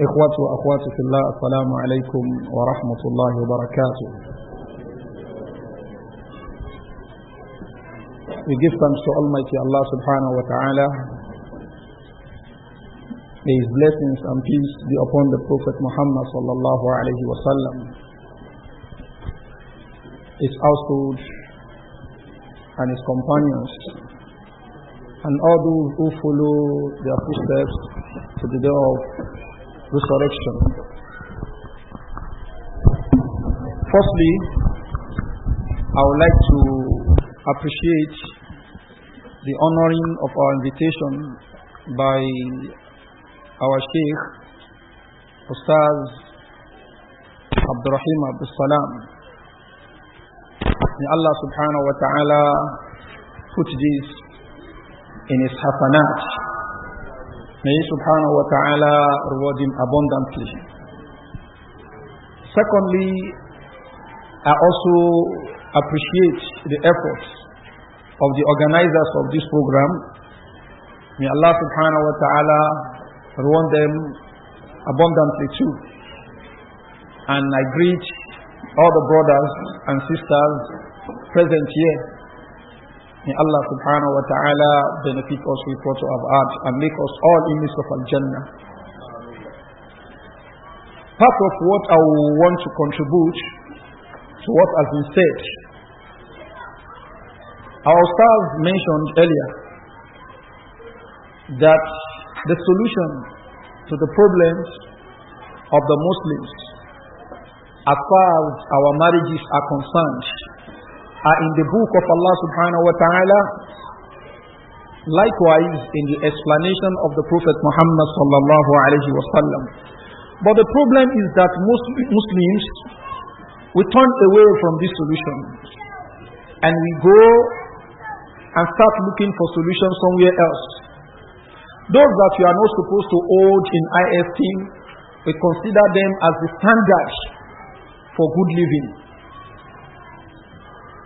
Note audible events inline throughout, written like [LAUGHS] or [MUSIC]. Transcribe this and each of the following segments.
إخوتي وأخوات في الله السلام عليكم ورحمة الله وبركاته We give thanks to Almighty Allah subhanahu wa ta'ala May His blessings and peace be upon the Prophet Muhammad sallallahu alayhi wa sallam His household and his companions and all those who follow their footsteps to the day of resurrection. Firstly, I would like to appreciate the honoring of our invitation by our Sheikh, Ustaz Abdurrahim Abdul Salam. May Allah subhanahu wa ta'ala put this in his hafanat. May subhanahu wa ta'ala reward him abundantly. Secondly, I also appreciate the efforts of the organizers of this program. May Allah subhanahu wa ta'ala reward them abundantly too. And I greet all the brothers and sisters present here May Allah subhanahu wa ta'ala benefit us with what we have had and make us all inmates of Al-Jannah. Part of what I want to contribute to what has been said. Our staff mentioned earlier that the solution to the problems of the Muslims as far as our marriages are concerned are in the book of Allah subhanahu wa ta'ala. Likewise, in the explanation of the Prophet Muhammad sallallahu alayhi wa sallam. But the problem is that most Muslims, we turn away from this solution. And we go and start looking for solutions somewhere else. Those that you are not supposed to hold in IST, we consider them as the standard for good living.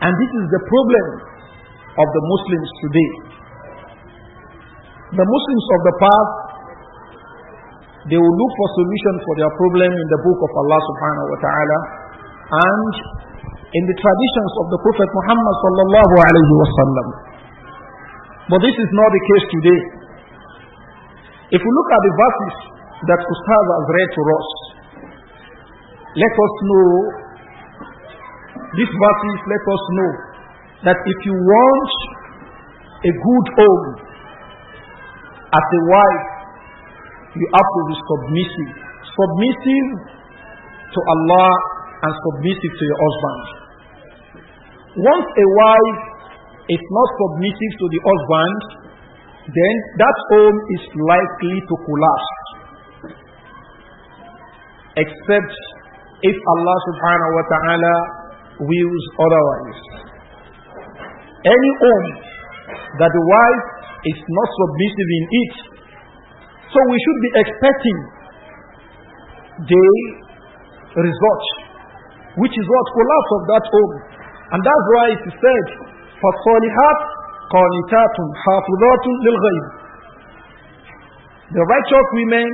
And this is the problem of the Muslims today. The Muslims of the past, they will look for solution for their problem in the book of Allah subhanahu wa ta'ala and in the traditions of the Prophet Muhammad sallallahu alayhi wa sallam. But this is not the case today. If we look at the verses that Ustaz has read to us, let us know these verses let us know that if you want a good home as a wife, you have to be submissive. Submissive to Allah and submissive to your husband. Once a wife is not submissive to the husband, then that home is likely to collapse. Except if Allah subhanahu wa ta'ala wills otherwise. Any home that the wife is not submissive in it, so we should be expecting the result, which is what collapse of that home. And that's why it is said, فَالصَّالِحَاتِ قَانِتَاتٌ حَافِظَاتٌ لِلْغَيْبِ The righteous women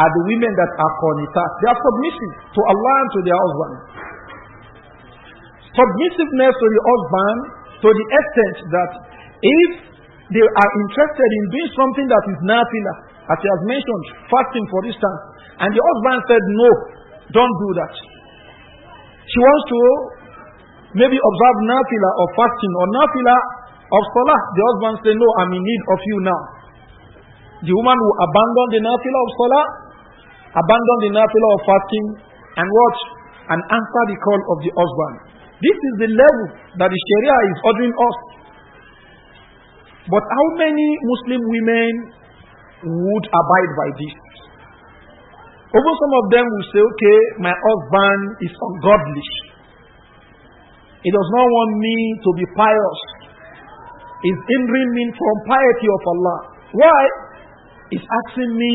are the women that are qanitat. They are submissive to Allah and to their husband. Submissiveness to the husband to the extent that if they are interested in doing something that is nafila, as he has mentioned, fasting for instance, and the husband said, No, don't do that. She wants to maybe observe nafila or fasting or nafila of salah. The husband said, No, I'm in need of you now. The woman will abandon the nafila of salah, abandon the nafila of fasting, and what? And answer the call of the husband. This is the level that the Sharia is ordering us. But how many Muslim women would abide by this? Over some of them will say, okay, my husband is ungodly. He does not want me to be pious. He's hindering me from piety of Allah. Why? He's asking me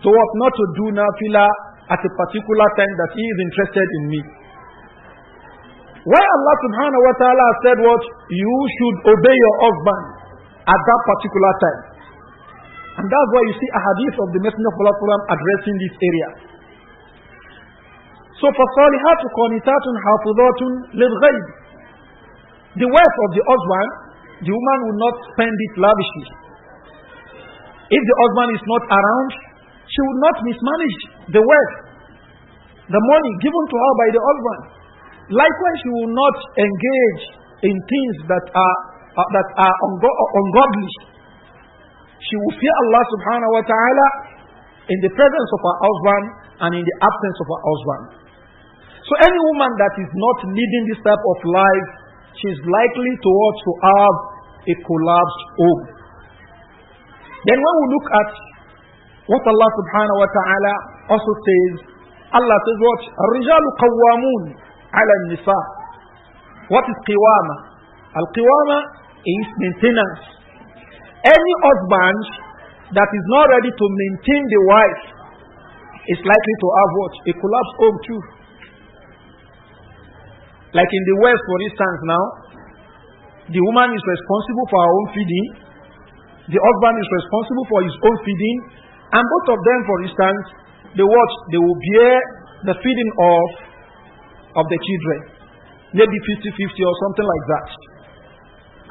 to what not to do nafila at a particular time that he is interested in me. Why Allah subhanahu wa ta'ala said what? You should obey your husband at that particular time. And that's why you see a hadith of the Messenger of Allah addressing this area. So فَصَالِحَاتُ قَانِتَاتٌ حَافِظَاتٌ لِلْغَيْبِ The wealth of the husband, the woman will not spend it lavishly. If the husband is not around, she would not mismanage the wealth, the money given to her by the husband. Likewise, you will not engage in things that are, uh, that are uh, ungodly. She will fear Allah subhanahu wa ta'ala in the presence of her husband and in the absence of her husband. So any woman that is not leading this type of life, she is likely to to have a collapsed home. Then when we look at what Allah subhanahu wa ta'ala also says, Allah says what? الرجال ala nisa. What is qiwama? Al qiwama is maintenance. Any husband that is not ready to maintain the wife is likely to have what? A collapse home too. Like in the West, for instance, now, the woman is responsible for her own feeding, the husband is responsible for his own feeding, and both of them, for instance, they watch, they will bear the feeding of of the children, maybe 50 50 or something like that.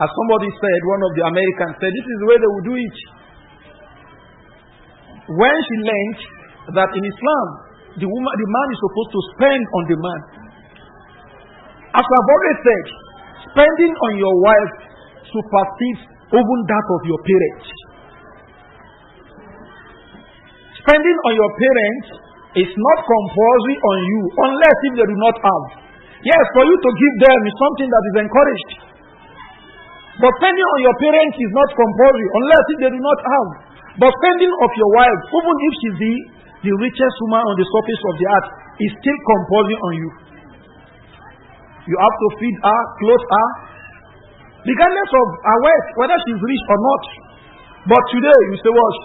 As somebody said, one of the Americans said, This is the way they will do it. When she learned that in Islam, the, woman, the man is supposed to spend on the man. As I've already said, spending on your wife supersedes even that of your parents. Spending on your parents It's not compulsory on you unless if they do not have. Yes, for you to give them is something that is encouraged. But spending on your parents is not compulsory unless if they do not have. But spending of your wife, even if she's the, the richest woman on the surface of the earth, is still compulsory on you. You have to feed her, clothe her, regardless of her wealth, whether she's rich or not. But today, you say, What?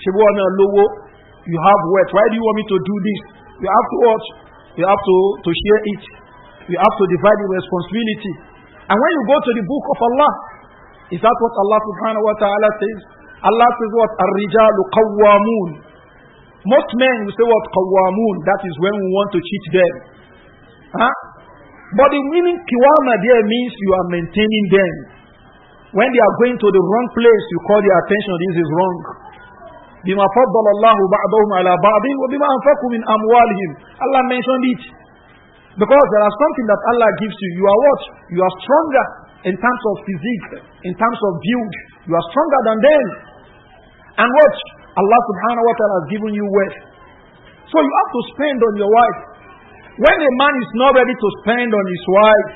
She a know. You have wealth. Why do you want me to do this? You have to watch. You have to, to share it. You have to divide the responsibility. And when you go to the book of Allah, is that what Allah subhanahu wa ta'ala says? Allah says what? Ar-rijalu qawwamun. Most men will say what? Qawwamun. That is when we want to cheat them. Huh? But the meaning kiwama there means you are maintaining them. When they are going to the wrong place, you call their attention, this is wrong. بما فضل الله بعضهم على بعض وبما أنفقوا من أموالهم Allah mentioned it because there are something that Allah gives you you are what you are stronger in terms of physique in terms of build you are stronger than them and what Allah subhanahu wa ta'ala has given you wealth so you have to spend on your wife when a man is not ready to spend on his wife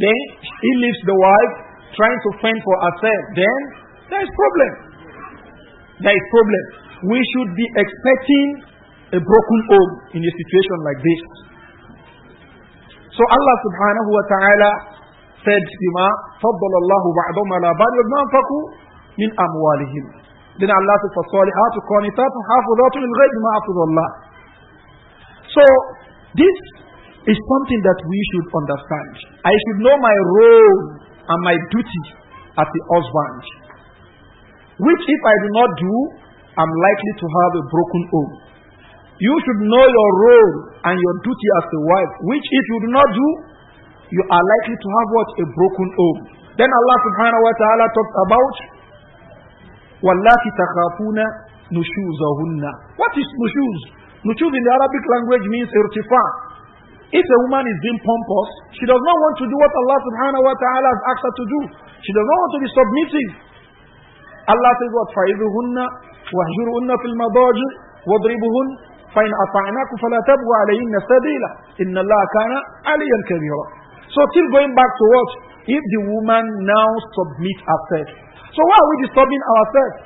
then he leaves the wife trying to fend for herself then there is problem there is problem. We should be expecting a broken home in a situation like this. So Allah subhanahu wa ta'ala said, بِمَا فَضَّلَ اللَّهُ بَعْضَهُمْ عَلَى بَعْضٍ وَمَا أَنْفَقُوا مِنْ أَمْوَالِهِمْ Then Allah said, فَالصَّالِحَاتُ قَانِتَاتٌ حَافِظَاتٌ لِلْغَيْبِ مَا حَفِظَ اللَّهُ So this is something that we should understand. I should know my role and my duty as the husband which if I do not do, I'm likely to have a broken home. You should know your role and your duty as a wife, which if you do not do, you are likely to have what? A broken home. Then Allah subhanahu wa ta'ala talked about وَاللَّهِ تَخَافُونَ نُشُوزَهُنَّ What is nushuz? Nushuz in the Arabic language means irtifa. If a woman is being pompous, she does not want to do what Allah subhanahu wa ta'ala has asked her to do. She does not want to be submissive. Allah says what? فَعِذُهُنَّ وَهْجُرُهُنَّ فِي الْمَضَاجِرِ وضربهن فَإِنْ أطعناك فَلَا تبغوا عَلَيْهِنَّ سَبِيلًا إِنَّ اللَّهَ كَانَ عَلِيًّا كَبِيرًا So still going back to what? If the woman now submits herself. So why are we disturbing ourselves?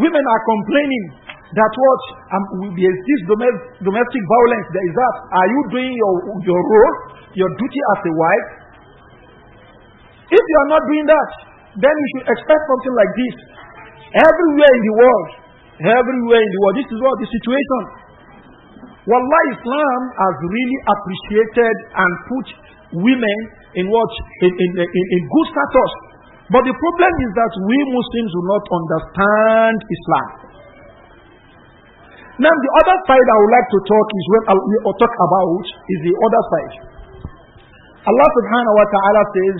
Women are complaining that what? Um, there is this domestic violence. There is that. Are you doing your, your role, your duty as a wife? If you are not doing that, then you should expect something like this. Everywhere in the world, everywhere in the world, this is what the situation. Wallah, Islam has really appreciated and put women in what? In, in, in, in good status. But the problem is that we Muslims do not understand Islam. Now, the other side I would like to talk is when I will talk about is the other side. Allah subhanahu wa ta'ala says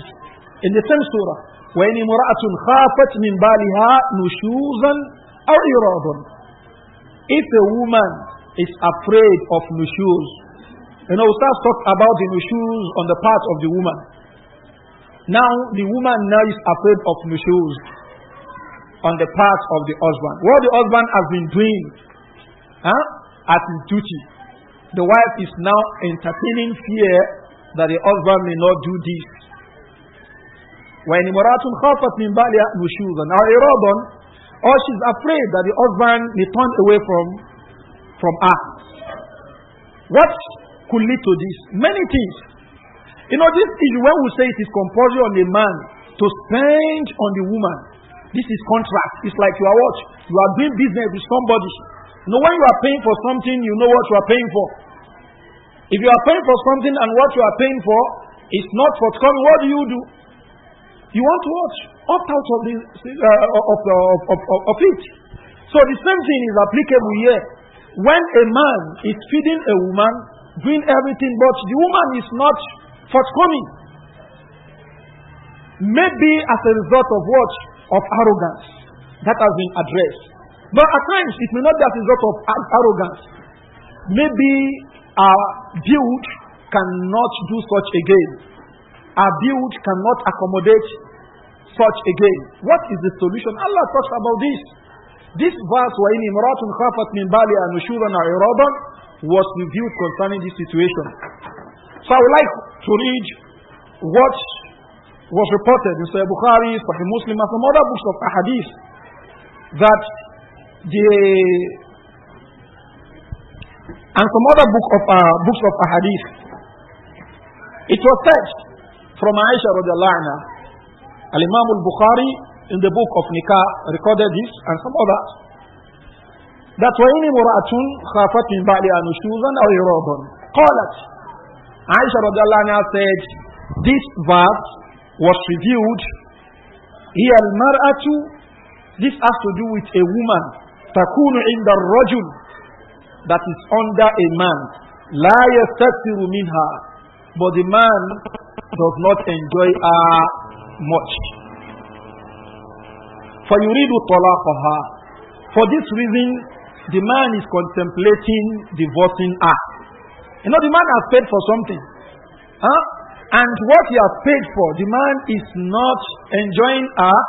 in the same surah, وإن امرأة خافت من بالها نشوزا أو إرادا If a woman is afraid of nushuz, you know, Ustaz talked about the nushuz on the part of the woman. Now, the woman now is afraid of nushuz on the part of the husband. What the husband has been doing huh, at his duty, the wife is now entertaining fear that the husband may not do this when Imratun khafat min ba'liha nushuzan or iradan, or she's afraid that the husband may turn away from, from her. What could lead to this? Many things. You know, this is when we say it is compulsory on the man to spend on the woman, this is contract. It's like you are what? You are doing business with somebody. You know, when you are paying for something, you know what you are paying for. If you are paying for something and what you are paying for is not forthcoming, what do you do? You want to watch? Opt out of, the, uh, of, of, of, of it. So the same thing is applicable here. When a man is feeding a woman, doing everything, but the woman is not forthcoming. Maybe as a result of what? Of arrogance. That has been addressed. But at times, it may not be as a result of arrogance. Maybe our uh, dude cannot do such again. Our build cannot accommodate such again. What is the solution? Allah talks about this. This verse, وَإِنْ إِمْرَاتٌ خَافَتْ مِنْ بَالِهَا نُشُورًا عِرَابًا was revealed concerning this situation. So I would like to read what was reported in Sahih Bukhari, Sahih Muslim, and some other books of Ahadith that the and some other book of uh, books of Ahadith. It was said from Aisha radiallahu anha, Al-Imam al-Bukhari in the book of Nikah recorded this and some others. That way مُرَأَةٌ خَافَتْ مِنْ bali anushuzan أَوْ Call قالت Aisha radiallahu anha said, this verse was revealed al المرأة this has to do with a woman in the الرجل that is under a man لا يستكثر minha but the man does not enjoy her much. For you read For this reason, the man is contemplating divorcing her. You know, the man has paid for something. Huh? And what he has paid for, the man is not enjoying her.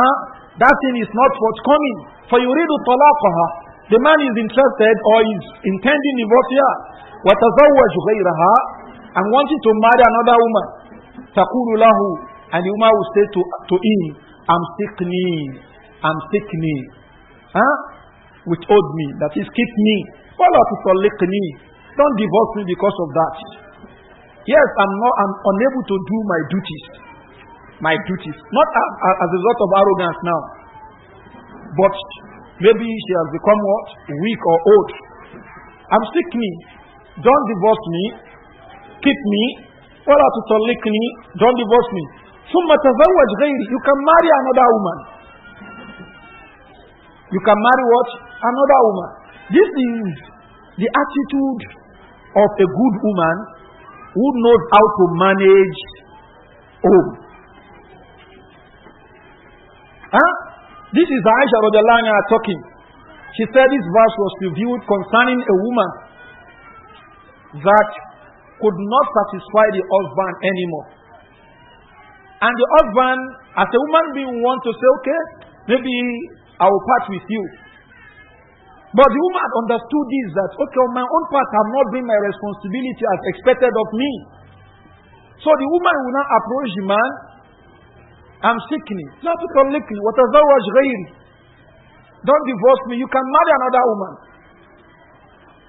Huh? That thing is not forthcoming. For you read The man is interested or is intending divorce her. وتزوج غيرها and wanting to marry another woman, تقول له and the woman will say to, to him, I'm sickening, I'm sickening. Huh? old me, that is, keep me. Follow to for me. Don't divorce me because of that. Yes, I'm not, I'm unable to do my duties. My duties. Not as, as a result of arrogance now. But maybe she has become what? Weak or old. I'm sickening. Don't divorce me keep me, وَلَا تُطَلِّقْنِي Don't divorce me. ثُمَّ تَزَوَّجْ غَيْرِي You can marry another woman. You can marry what? Another woman. This is the attitude of a good woman who knows how to manage home. Huh? This is Aisha Rodalana talking. She said this verse was revealed concerning a woman that could not satisfy the husband anymore. And the husband, as a woman being, want to say, okay, maybe I will part with you. But the woman understood this that, okay, on my own part, I'm not doing my responsibility as expected of me. So the woman will now approach the man. I'm sickening. Not to What is that? Don't divorce me. You can marry another woman.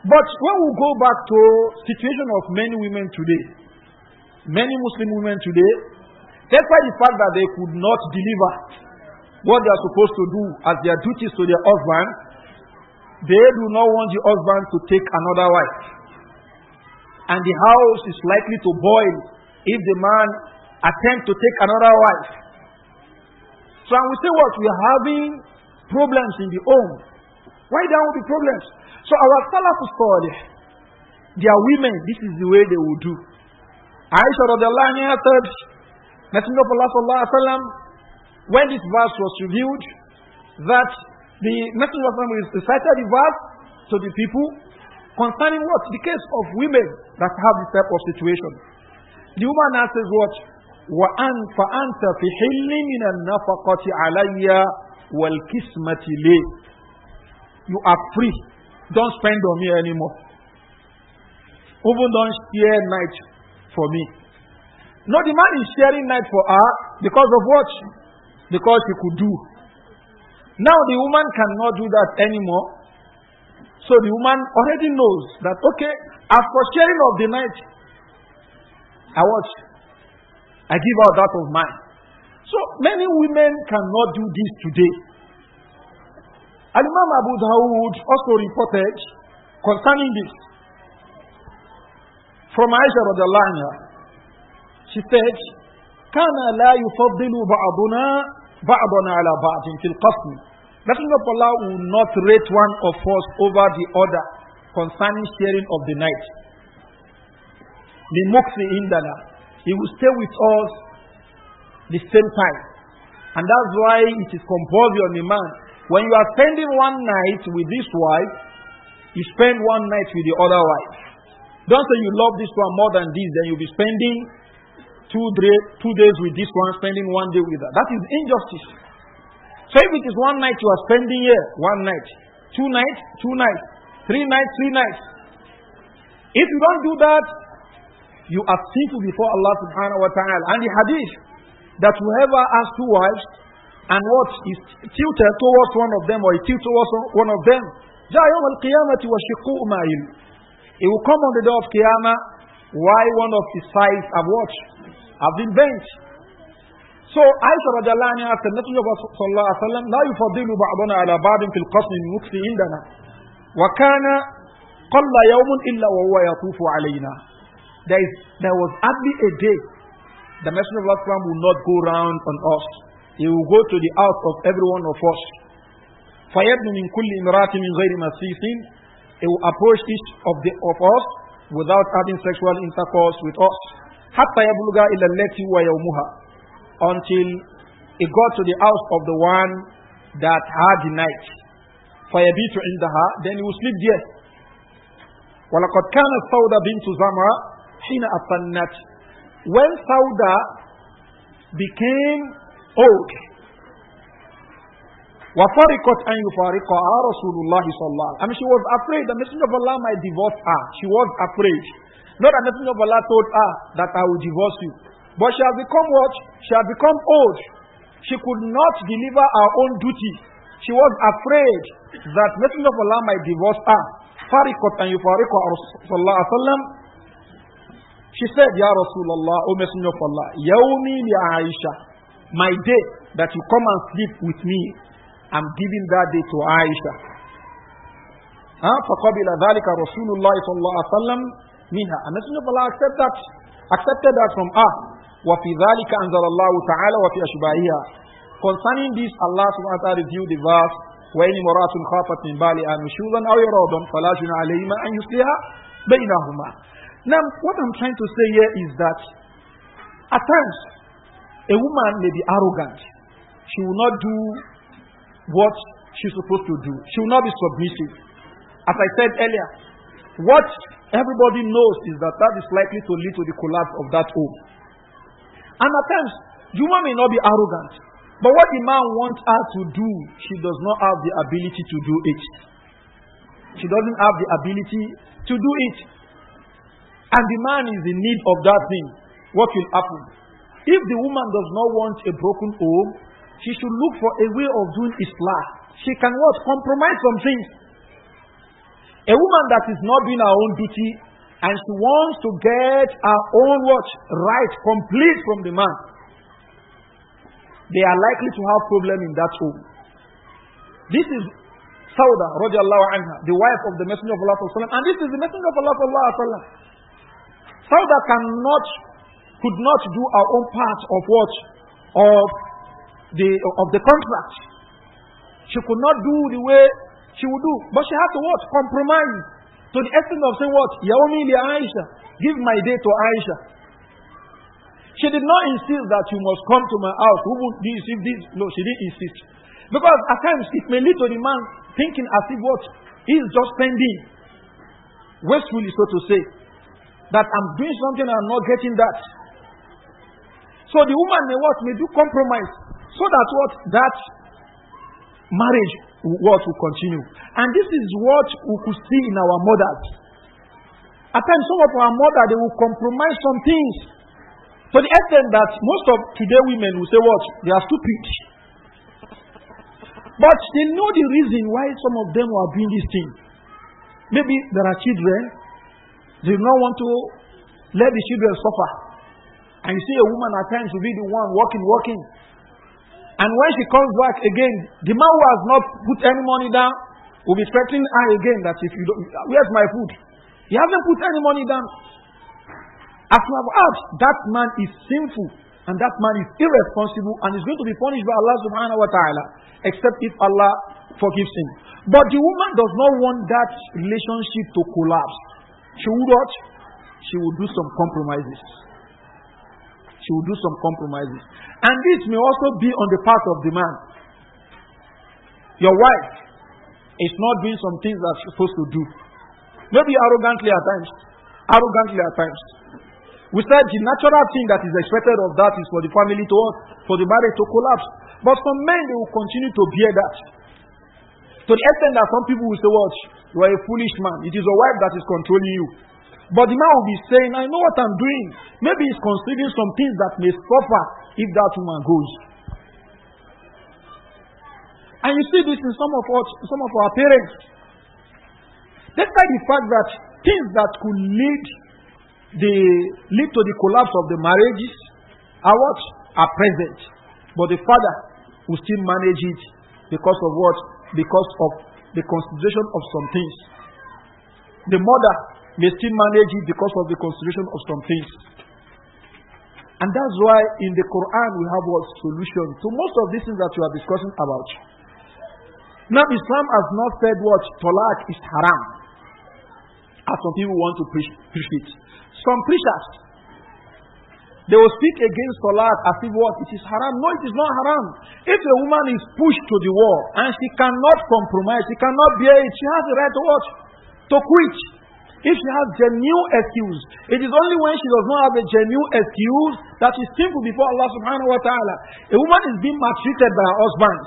But when we go back to situation of many women today, many Muslim women today, despite the fact that they could not deliver what they are supposed to do as their duties to their husband, they do not want the husband to take another wife. And the house is likely to boil if the man attempts to take another wife. So we will say what? We are having problems in the home. Why don't we problems? So our salafus salih, are women, this is the way they will do. Aisha radiallahu anha said, Messenger of Allah sallallahu alaihi wasallam, when this verse was revealed, that the Messenger of Allah recited the verse to the people concerning what? The case of women that have this type of situation. The woman now says what? وَأَنْ فَأَنْتَ فِي حِلٍّ مِنَ النَّفَقَةِ عَلَيَّ وَالْكِسْمَةِ لِي You are free don't spend on me anymore. Even don't share night for me. No, the man is sharing night for her because of what? Because he could do. Now the woman cannot do that anymore. So the woman already knows that, okay, after sharing of the night, I watch. I give out that of mine. So many women cannot do this today. Al-Imam Abu Dawood also reported concerning this from Aisha radiallahu anha. She said, كان لا يفضل بعضنا بعضنا على بعض في القسم. Messenger of Allah will not rate one of us over the other concerning sharing of the night. The muksi indana. He will stay with us the same time. And that's why it is compulsory on the man when you are spending one night with this wife, you spend one night with the other wife. Don't say you love this one more than this, then you'll be spending two, two days with this one, spending one day with that. That is injustice. So if it is one night you are spending here, one night, two nights, two nights, three nights, three nights. If you don't do that, you are sinful before Allah subhanahu wa ta'ala. And the hadith that whoever has two wives, and what is tilted towards one of them or it towards one of them. It will come on the day of Qiyamah why one of his sides have what? Have been bent. So Aisha radiallahu anha said, Messenger of Allah sallallahu alaihi wasallam, لا يفضل بعضنا على بعض في القصد المكس عندنا. وكان قل يوم إلا وهو يطوف علينا. There, is, there was hardly a day the Messenger of Allah will not go round on us. He will go to the house of every one of us. فَيَبْنُ مِنْ كُلِّ إِمْرَاتٍ مِنْ غَيْرِ مَسِيسٍ He will approach each of, the, of us without having sexual intercourse with us. حَتَّى يَبْلُغَ إِلَى الَّتِي وَيَوْمُهَا Until he got to the house of the one that had the night. فَيَبِيتُ عِنْدَهَا Then he will sleep there. وَلَقَدْ كَانَتْ سَوْدَ بِنْتُ زَمْرَةٍ حِينَ When Sauda became old. Wa أَنْ يُفَارِقَهَا رَسُولُ اللَّهِ صَلَّى اللَّهِ I mean, she was afraid. The Messenger of Allah might divorce her. She was afraid. Not that the Messenger of Allah told her that I will divorce you. But she has become what? She has become old. She could not deliver her own duty. She was afraid that Messenger of Allah might divorce her. فَارِقَتْ أَنْ يُفَارِقَهَا رَسُولُ اللَّهِ صَلَّى اللَّهِ She said, Ya Rasulullah, O Messenger of Allah, يَوْمِي لِعَائِشَةِ my day that you come and sleep with me, I'm giving that day to Aisha. Huh? فقبل ذلك رسول الله صلى الله عليه وسلم منها. And Messenger of Allah accepted that, accepted that from her. وفي ذلك أنزل الله تعالى وفي أشباهها. Concerning this, Allah subhanahu wa ta'ala revealed the verse وإن امرأة خافت من بالها نشوزا أو إرادا فلا you عليهما أن يصلحا بينهما. Now, what I'm trying to say here is that at times A woman may be arrogant. She will not do what she's supposed to do. She will not be submissive. As I said earlier, what everybody knows is that that is likely to lead to the collapse of that home. And at times, woman may not be arrogant, but what the man wants her to do, she does not have the ability to do it. She doesn't have the ability to do it. And the man is in need of that thing. What will happen? If the woman does not want a broken home, she should look for a way of doing Islam. She can what? Compromise some things. A woman that is not doing her own duty and she wants to get her own what? Right, complete from the man. They are likely to have problem in that home. This is Sauda, radiallahu anha, the wife of the Messenger of Allah, and this is the Messenger of Allah. Sauda cannot could not do our own part of what? Of the, of the contract. She could not do the way she would do. But she had to what? Compromise. To the extent of saying what? Yaomi li Aisha. Give my day to Aisha. She did not insist that you must come to my house. Who would this if this? No, she didn't insist. Because at times it may lead to the man thinking as if what? He's just spending. Wastefully, so to say. That I'm doing something and I'm not getting that. So the woman may what? May do compromise so that what? That marriage what will continue. And this is what we could see in our mothers. At times, some of our mothers, they will compromise some things. To the extent that most of today women will say what? They are stupid. But they know the reason why some of them are doing this thing. Maybe there are children. They do not want to let the children suffer. And you see a woman at times will be the one walking, walking. And when she comes back again, the man who has not put any money down will be threatening her again that if you don't, where's my food? He hasn't put any money down. As you have asked, that man is sinful and that man is irresponsible and is going to be punished by Allah subhanahu wa ta'ala, except if Allah forgives him. But the woman does not want that relationship to collapse. She would not, she would do some compromises she will do some compromises. And this may also be on the part of the man. Your wife is not doing some things that she's supposed to do. Maybe arrogantly at times. Arrogantly at times. We said the natural thing that is expected of that is for the family to work, for the marriage to collapse. But some men, they will continue to bear that. To the extent that some people will say, "Watch, You are a foolish man. It is your wife that is controlling you. But the man will be saying, I know what I'm doing. Maybe he's considering some things that may suffer if that woman goes. And you see this in some of our, some of our parents. Despite the fact that things that could lead the lead to the collapse of the marriages are what are present, but the father will still manage it because of what because of the consideration of some things. The mother may still manage it because of the consideration of some things. And that's why in the Quran we have what solution to most of these things that we are discussing about. Now Islam has not said what talak is haram, as some people want to preach, preach it. Some preachers they will speak against talak as if what it is haram. No, it is not haram. If a woman is pushed to the wall and she cannot compromise, she cannot bear it, she has the right to what to quit. If she has genuine excuse, it is only when she does not have a genuine excuse that she's sinful before Allah subhanahu wa ta'ala. A woman is being maltreated by her husband.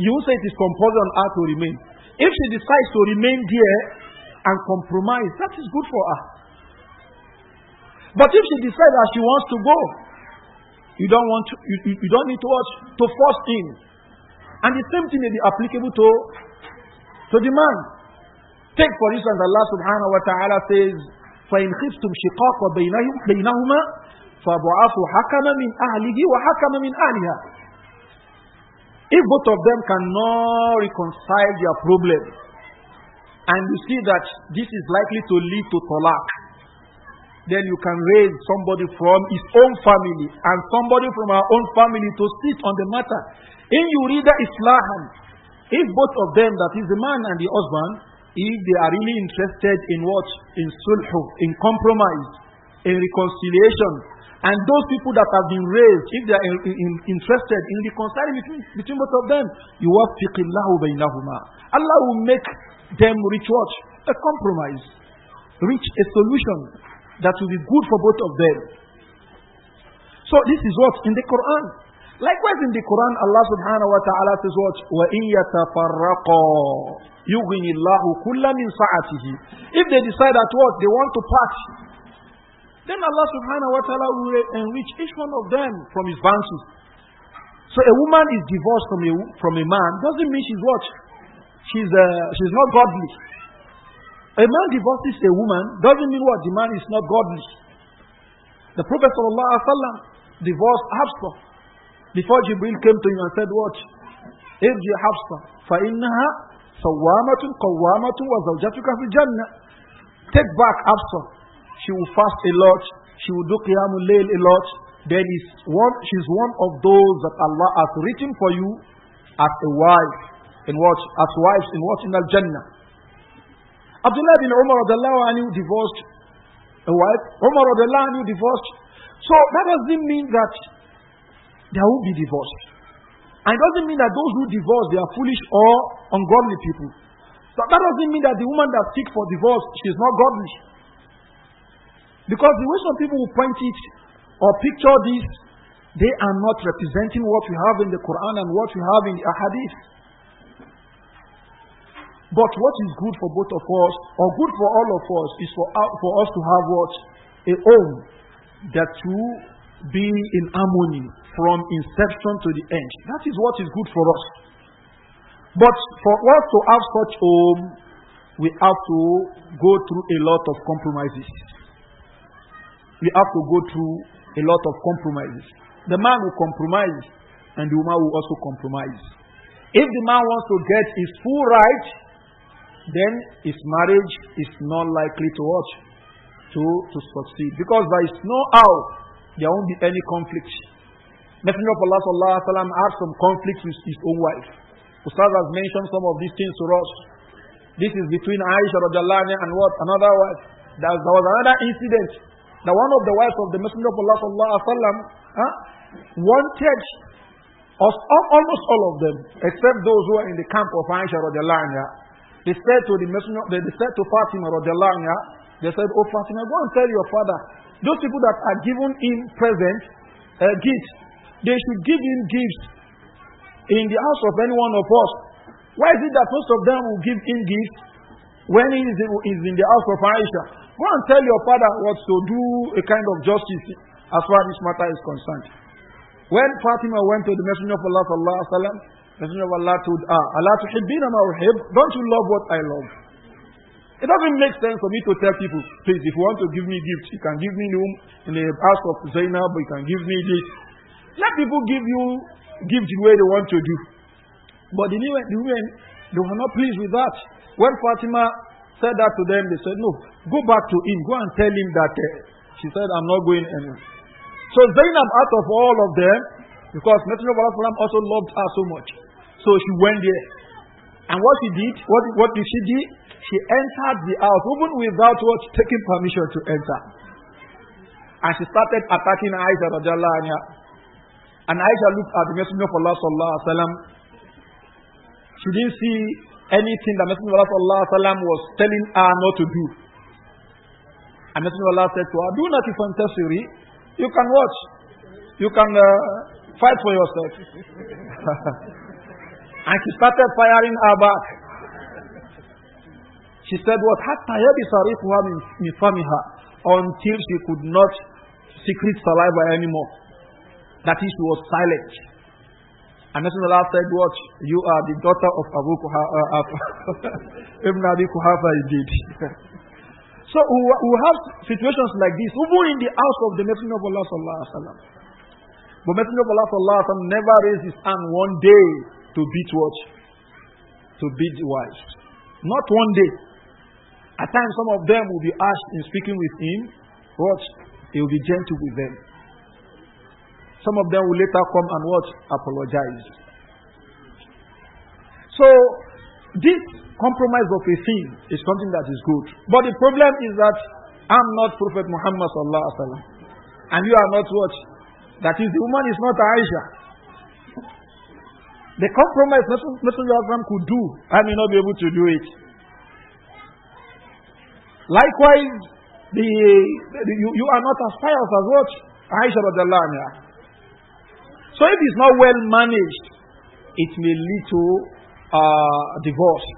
You say it is compulsory on her to remain. If she decides to remain there and compromise, that is good for her. But if she decides that she wants to go, you don't want to, you, you don't need to watch, to force in. And the same thing may be applicable to to the man. Take for instance Allah subhanahu wa ta'ala says, فَإِنْ خِفْتُمْ شِقَاقَ بَيْنَهُمَا فَبُعَثُ حَكَمَ مِنْ أَهْلِهِ وَحَكَمَ مِنْ أَهْلِهَا If both of them cannot reconcile their problem, and you see that this is likely to lead to talaq, then you can raise somebody from his own family and somebody from our own family to sit on the matter. In Yurida Islam, if both of them, that is the man and the husband, if they are really interested in what? In sulh, in compromise, in reconciliation. And those people that have been raised, if they are in, in, interested in reconciling between, between both of them, you wafiqillahu baynahuma. Allah will make them reach what? A compromise. Reach a solution that will be good for both of them. So this is what? In the Quran. Likewise in the Quran, Allah subhanahu wa ta'ala says what? وَإِن يَتَفَرَّقَا يُغْنِ اللَّهُ كُلَّ مِنْ سَعَتِهِ If they decide at what they want to part, then Allah subhanahu wa ta'ala will enrich each one of them from his bounty. So a woman is divorced from a, from a man doesn't mean she's what? She's, uh, she's not godly. A man divorces a woman doesn't mean what? The man is not godly. The Prophet ﷺ divorced Absalom. Before Jibril came to him and said, What? Irji Hafsa, فَإِنَّهَا صَوَّامَةٌ قَوَّامَةٌ zawjatuka fi jannah. Take back Hafsa. She will fast a lot. She will do Qiyamul Layl a lot. Then is one, she's one of those that Allah has written for you as a wife. In what? As wives in what? In Al-Jannah. Abdullah bin Umar anhu divorced a wife. Umar anhu divorced. So that doesn't mean that there will be divorce. And it doesn't mean that those who divorce, they are foolish or ungodly people. But that doesn't mean that the woman that seeks for divorce, she is not godly. Because the way some people will point it or picture this, they are not representing what we have in the Quran and what we have in the Hadith. But what is good for both of us, or good for all of us, is for, for us to have what? A home that you be in harmony from inception to the end. That is what is good for us. But for us to have such home, we have to go through a lot of compromises. We have to go through a lot of compromises. The man will compromise, and the woman will also compromise. If the man wants to get his full right, then his marriage is not likely to what? To, to succeed. Because there is no how there won't be any conflict. Messenger of Allah sallallahu had some conflict with his own wife. Ustaz has mentioned some of these things to us. This is between Aisha radiallahu anha and what another wife. There was another incident that one of the wives of the Messenger of Allah sallallahu alaihi huh, wanted of almost all of them, except those who are in the camp of Aisha radiallahu anha. They said to the Messenger, they said to Fatima radiallahu anha, they said, "Oh Fatima, go and tell your father those people that are given him present, uh, gifts, they should give him gifts in the house of any one of us. Why is it that most of them will give him gifts when he is in the house of Aisha? Go and tell your father what to do, a kind of justice as far as this matter is concerned. When Fatima went to the Messenger of Allah, Allah alaihi wasallam, Messenger of Allah told her, "Allah don't you love what I love?" It doesn't make sense for me to tell people, please, if you want to give me gifts, you can give me the, in the house of Zainab, you can give me this. Let people give you gifts the way they want to do. But the women, the women, they were not pleased with that. When Fatima said that to them, they said, no, go back to him, go and tell him that uh, she said, I'm not going anywhere. So Zainab, out of all of them, because Messenger of Allah also loved her so much, so she went there. And what she did, what, what did she do? She entered the house, even without what taking permission to enter. And she started attacking Aisha radiallahu anha. And Aisha looked at the Messenger of Allah sallallahu alaihi wasallam. She didn't see anything that Messenger of Allah sallallahu alaihi wasallam was telling her not to do. And Messenger of Allah said to her, "Do not if fantasy. You can watch. You can uh, fight for yourself." [LAUGHS] and she started firing her back. She said, What? Hatta yabisarifuha min famiha. Until she could not secret saliva anymore. That is, she was silent. And Messenger Allah said, What? You are the daughter of Abu Kuhafa. Uh, uh [LAUGHS] Ibn Abi Kuhafa indeed. [LAUGHS] so we, we have situations like this, even in the house of the Messenger of Allah. Sallallahu but Messenger of Allah sallallahu never raised his hand one day to beat what? To beat wives. Not one day. At times, some of them will be asked in speaking with him, but he will be gentle with them. Some of them will later come and what? Apologize. So, this compromise of a thing is something that is good. But the problem is that I'm not Prophet Muhammad sallallahu alaihi wasallam, and you are not what? That is, the woman is not Aisha. The compromise Messenger of could do, I may not be able to do it. Likewise, the, the you, you, are not as pious as what? Aisha radiallahu So if it's not well managed, it may lead to uh, divorce.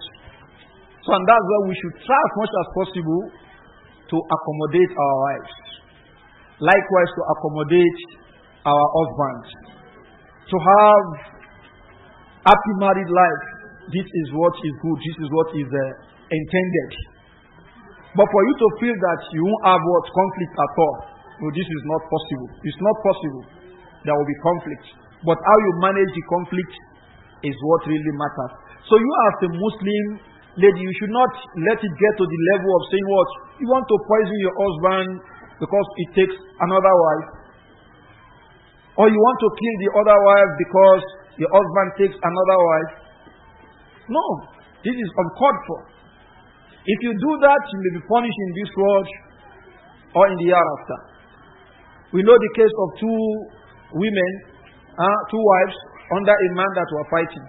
So and that's why we should try as much as possible to accommodate our wives. Likewise, to accommodate our husbands. To have happy married life. This is what is good. This is what is uh, intended. But for you to feel that you won't have what conflict at all, no, this is not possible. It's not possible. There will be conflict. But how you manage the conflict is what really matters. So you as a Muslim lady, you should not let it get to the level of saying what you want to poison your husband because he takes another wife, or you want to kill the other wife because your husband takes another wife. No, this is uncalled for. If you do that, you may be punished in this world or in the hereafter. We know the case of two women, uh, two wives, under a man that were fighting.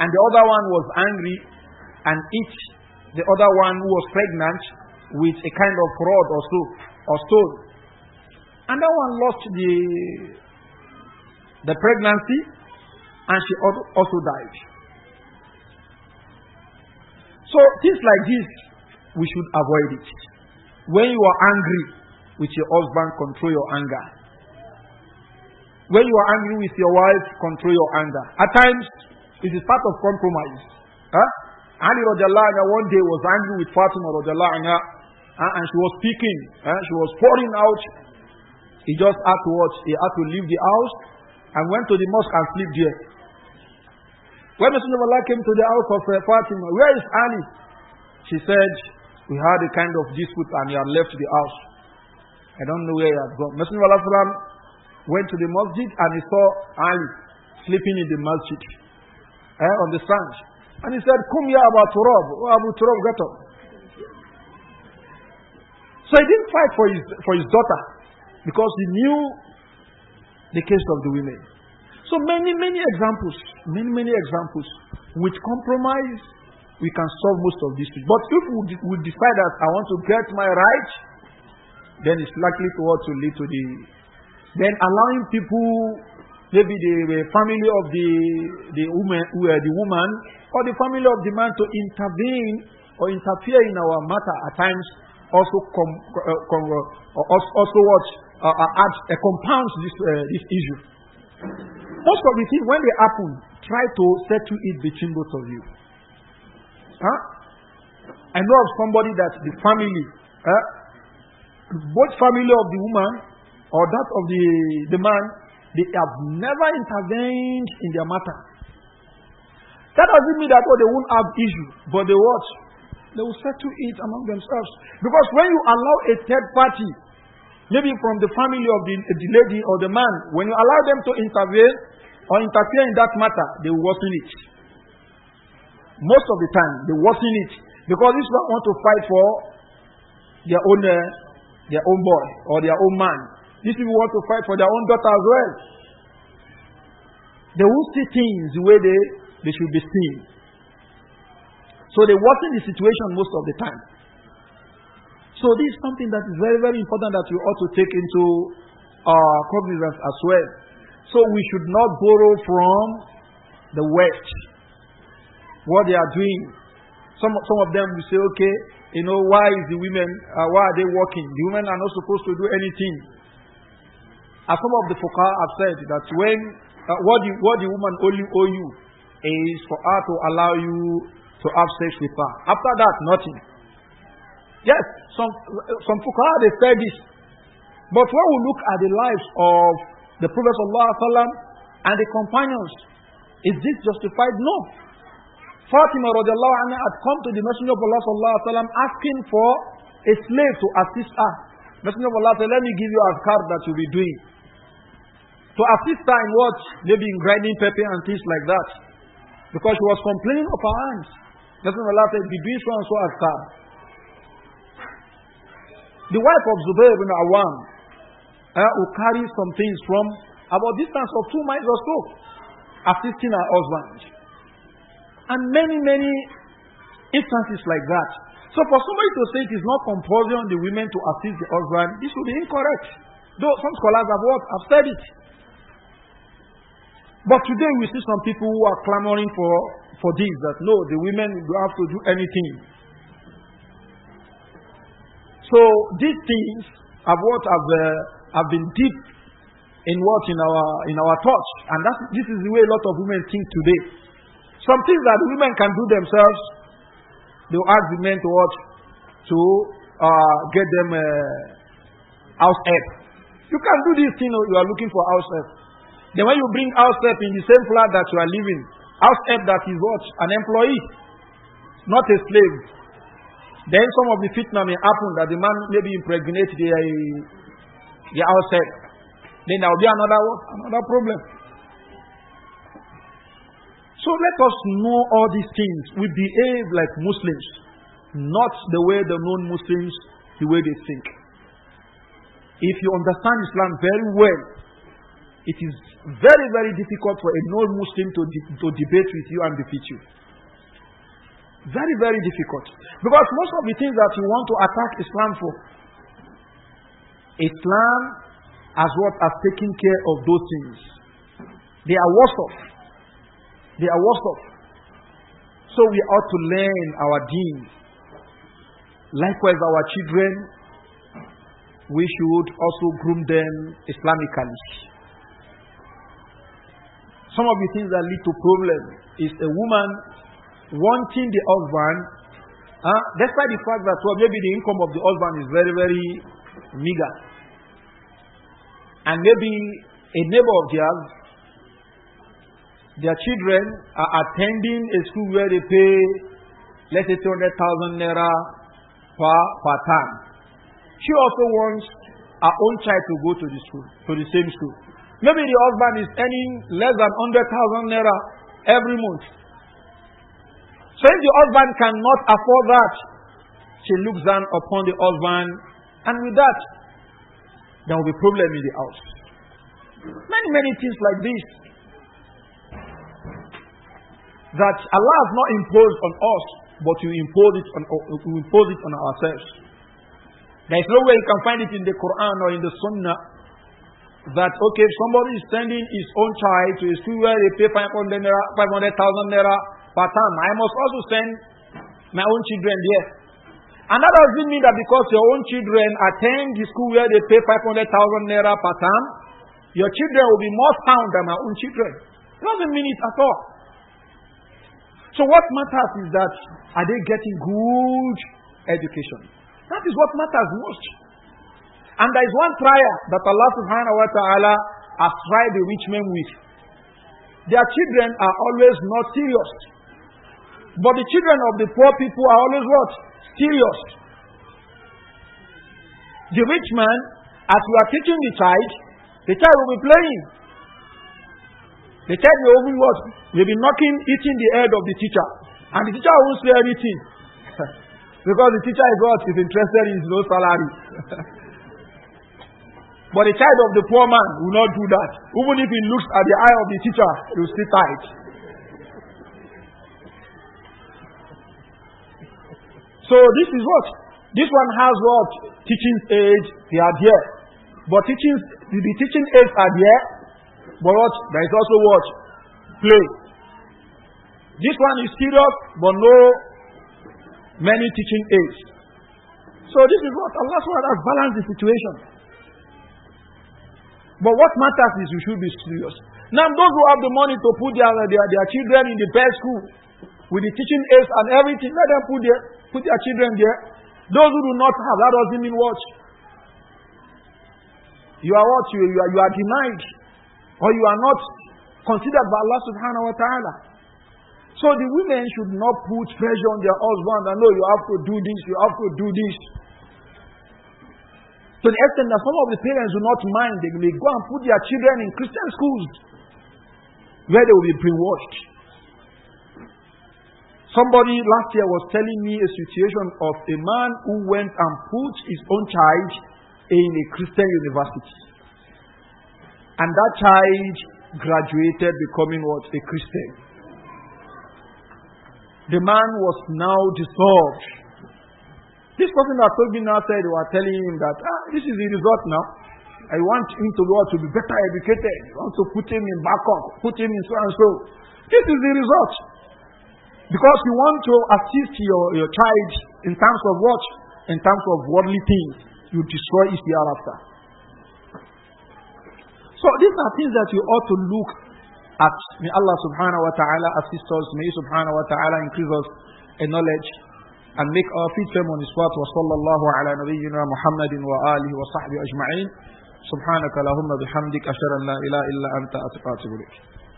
And the other one was angry and each, the other one who was pregnant with a kind of rod or so, or stone. And that one lost the, the pregnancy and she also died. So things like this, we should avoid it. When you are angry with your husband, control your anger. When you are angry with your wife, control your anger. At times, it is part of compromise. Huh? Ali Rajalana one day was angry with Fatima Rajalana uh, and she was speaking, uh, she was pouring out. He just had to watch, he had to leave the house and went to the mosque and sleep there. When Messenger of Allah came to the house of uh, Fatima, where is Ali? She said, we had a kind of dispute and he had left the house. I don't know where he had gone. Messenger of Allah went to the masjid and he saw Ali sleeping in the masjid eh, on the sand. And he said, "Come here, Abu Turab, oh, Abu Turab, get up. So he didn't fight for his, for his daughter because he knew the case of the women. So many, many examples, many, many examples. With compromise, we can solve most of these things. But if we, de we decide that I want to get my right, then it's likely to what to lead to the. Then allowing people, maybe the, family of the the woman, uh, the woman, or the family of the man to intervene or interfere in our matter at times also com, uh, com, uh, also what uh, adds, uh, compounds this uh, this issue. Most of the things, when they happen, try to settle it between both of you. Huh? I know of somebody that the family, uh, both family of the woman or that of the, the man, they have never intervened in their matter. That doesn't mean that oh, they won't have issue, but they what? They will settle it among themselves. Because when you allow a third party maybe from the family of the, the lady or the man, when you allow them to intervene or interfere in that matter, they worsen it. Most of the time, they worsen it because this one want to fight for their own, uh, their own boy or their own man. These people want to fight for their own daughter as well. They will see things the way they, they should be seen. So they worsen the situation most of the time. So this is something that is very, very important that we ought to take into uh, cognizance as well. So we should not borrow from the West what they are doing. Some, some of them will say, okay, you know, why is the women, uh, why are they working? The women are not supposed to do anything. As some of the fuqa have said, that when, uh, what, the, what the woman only owe you is for her to allow you to have sex with her. After that, nothing. Yes, some, some fuqaha, they said this. But when we look at the lives of the Prophet ﷺ and the companions, is this justified? No. Fatima radiallahu anha had come to the Messenger of Allah sallam, asking for a slave to assist her. Messenger of Allah said, Let me give you a card that you'll be doing. To assist her in what? Maybe in grinding pepper and things like that. Because she was complaining of her hands. Messenger of Allah said, Be doing so and so as The wife of Zubair bin Awam uh, eh, will carry some things from about distance of two miles or so, assisting her husband. And many, many instances like that. So for somebody to say it is not compulsory on the women to assist the husband, this would be incorrect. Though some scholars have what? Have said it. But today we see some people who are clamoring for, for this, that no, the women don't have to do anything. So these things are what have, uh, have been deep in what in our in our thoughts, and that's, this is the way a lot of women think today. Some things that women can do themselves, they will ask the men to what to uh, get them uh, house help. You can do this thing. You, know, you are looking for house help. Then when you bring house help in the same flat that you are living, house help that is what an employee, not a slave. Then some of the fitna may happen that the man maybe impregnate the, the outside. Then there will be another another problem. So let us know all these things. We behave like Muslims, not the way the non Muslims, the way they think. If you understand Islam very well, it is very, very difficult for a non Muslim to, de to debate with you and defeat you. Very, very difficult. Because most of the things that you want to attack Islam for, Islam as what as taking care of those things. They are worse off. They are worse off. So we ought to learn our deen. Likewise, our children, we should also groom them Islamically. Some of the things that lead to problem is a woman wanting the husband, uh, despite the fact that well, maybe the income of the husband is very, very meager. And maybe a neighbor of theirs, their children are attending a school where they pay, let's say, 200,000 naira per, per term. She also wants her own child to go to the school, to the same school. Maybe the husband is earning less than 100,000 naira every month. Since the husband cannot afford that, she looks down upon the husband, and with that, there will be problem in the house. Many, many things like this that Allah has not imposed on us, but we impose it on, we impose it on ourselves. There is no way you can find it in the Quran or in the Sunnah that okay, if somebody is sending his own child to a school where they pay 500 naira, 500,000 naira Patan. Um, I must also send my own children there. And that doesn't mean that because your own children attend the school where they pay 500,000 naira per term, your children will be more sound than my own children. It doesn't mean it at all. So what matters is that are they getting good education? That is what matters most. And there is one trial that Allah subhanahu wa ta'ala has tried the rich men with. Their children are always not serious but the children of the poor people are always what? Serious. The rich man, as we are teaching the child, the child will be playing. The child will even what? Will be knocking, eating the head of the teacher. And the teacher won't say anything. [LAUGHS] because the teacher is what? Is interested in his low salary. [LAUGHS] but the child of the poor man will not do that. Even if he looks at the eye of the teacher, he will still tight. So this is what? This one has what? Teaching age, they are here, But teaching, the teaching age are there, but what? There is also what? Play. This one is serious, but no many teaching aids. So this is what Allah SWT has balanced the situation. But what matters is you should be serious. Now those who have the money to put their, their, their children in the best school with the teaching aids and everything, let them put their Put their children there. Those who do not have, that doesn't mean what? You are what? You, you, are, you are denied. Or you are not considered by Allah subhanahu wa ta'ala. So the women should not put pressure on their husband and no, you have to do this, you have to do this. To the extent that some of the parents do not mind, they may go and put their children in Christian schools where they will be brainwashed. Somebody last year was telling me a situation of a man who went and put his own child in a Christian university. And that child graduated becoming what? A Christian. The man was now dissolved. This person that told me now said they were telling him that ah, this is the result now. I want him to go to be better educated. I want to put him in backup, put him in so and so. This is the result. Because you want to assist your, your child in terms of what? In terms of worldly things, you destroy his hereafter. So these are things that you ought to look at. May Allah subhanahu wa ta'ala assist us. May He subhanahu wa ta'ala increase us in knowledge and make our feet firm on His path. Wa sallallahu ala nabiyyina Muhammadin wa alihi wa sahbihi ajma'in. سبحانك اللهم بحمدك أشهد أن لا إله إلا أنت أتقاتب